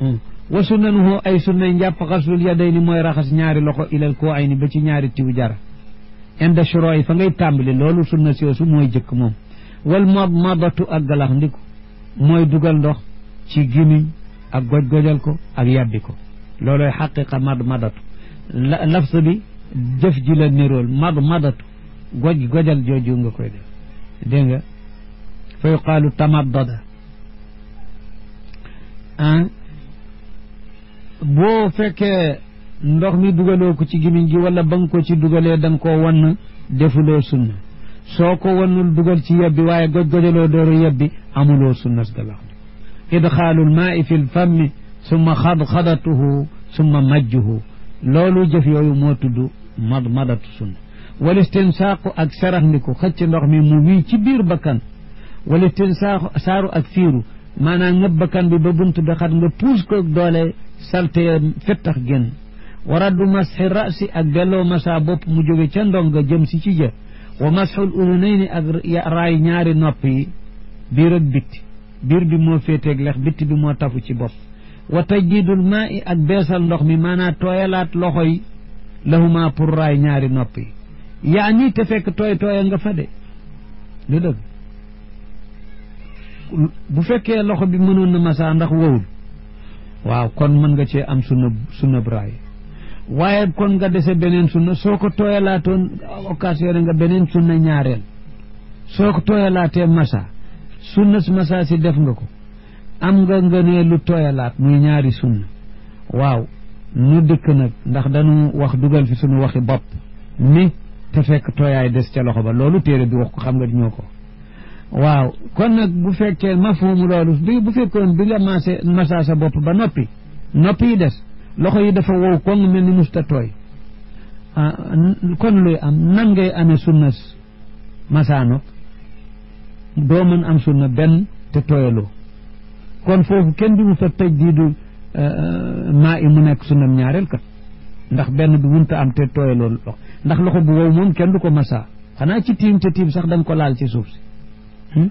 Hmm. wa sunnanuhu ay sunnay njàpp xaslul yadayni mooy raxas ñaari loxo ilal koo ay ni ba ci ñaari tiw jara inda shuroo yi fa ngay tàmbali loolu sunna soosu mooy jëkk moom wal madmadatu ak galax ndiku mooy dugal ndox ci gimiñ ak goj-gojal ko ak yàbbi ko loolooy xaqiqa madmadatu lafs bi jëf ji la nirool madmadatu goj-gojal jooju nga koy def dégg nga fa yuqaalu tamaddada boo fekkee ndox mi dugaloo ko ci gimiñ gi wala ba ko ci dugalee da nga koo wann defuloo sunna soo ko wannul dugal ci yebbi waaye goj-gojaloo dooru yebbi amuloo sunna si dalax idxaalul maai fi lfammi summa xadxadatuhu summa majjuhu loolu jëf yooyu moo tudd mad madatu sunna wala istinsaaqu ak sarax ndiku xëcc ndox mi mu wii ci biir bakkan wala istinsaaqu saaru ak fiiru maanaam ngëb bakkan bi ba bunt bi xat nga puus ko doole salté fettax génn wa raddu masxi rasi ak delloo masa bopp mu jóge ca ndongo jëm si ci jë wa masxul udunayni ak raay ñaari nopp yi biir ak bitti biir bi moo féeteeg lex bitti bi moo tafu ci bopp wa tajdidul maa i ak beesal ndox mi maanaa tooyalaat loxo yi lahuma pour raay ñaari nopp yi yaa nii te fekk tooy tooya nga fa de lu dëgg bu fekkee loxo bi mënoon na masaa ndax wowul waaw kon mën nga cee am sunna sunna braay waaye kon nga dese beneen sunna soo ko tooyalaatoon occasionné nga beneen sunna ñaareel soo ko tooyalaatee masa sunna masa si def nga ko am nga nga ne lu tooyalaat muy ñaari sunna waaw nu dëkk nag ndax dañu wax dugal fi suñu waxi bopp ni te fekk tooyaay des ca loxo ba loolu téere bi wax ko xam nga di ñoo ko waaw kon nag bu fekkee mafhumu loolu bi bu fekkoon bi nga maase masa sa bopp ba noppi noppi yi des loxo yi dafa wow kon mel ni mus musta tooy ah, kon luy am nan ngay amee sunna masaanoog doo mën am sunna benn te tooyaloo kon foofu kenn du musta tëj dii du eh, eh, maa i mu nekk sunnam ñaareel kat ndax benn bi munta am te tooyaloo loxo ndax loxo bu wow moom kenn du ko masa xanaa ci tiim te tiim sax da ko laal ci suuf si Hmm?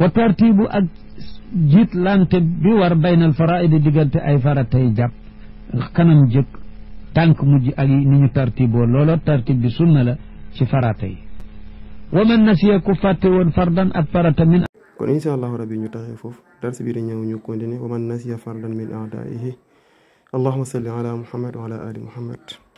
wa tartibu ak jiit lante bi war baynal faraidi diggante ay faratay jàpp kanam jëkk tànk mujj ak ni ñu tartiboo looloo tartib bi sunna la ci farata yi wa man nasiya ku fàtte woon fardan ak farata min kon insha allahu rabbi ñu taxee foofu dars bi di ñëw ñu continuer wa man nasiya fardan min aadaihi allahuma salli ala muhammad wa ala ali muhammad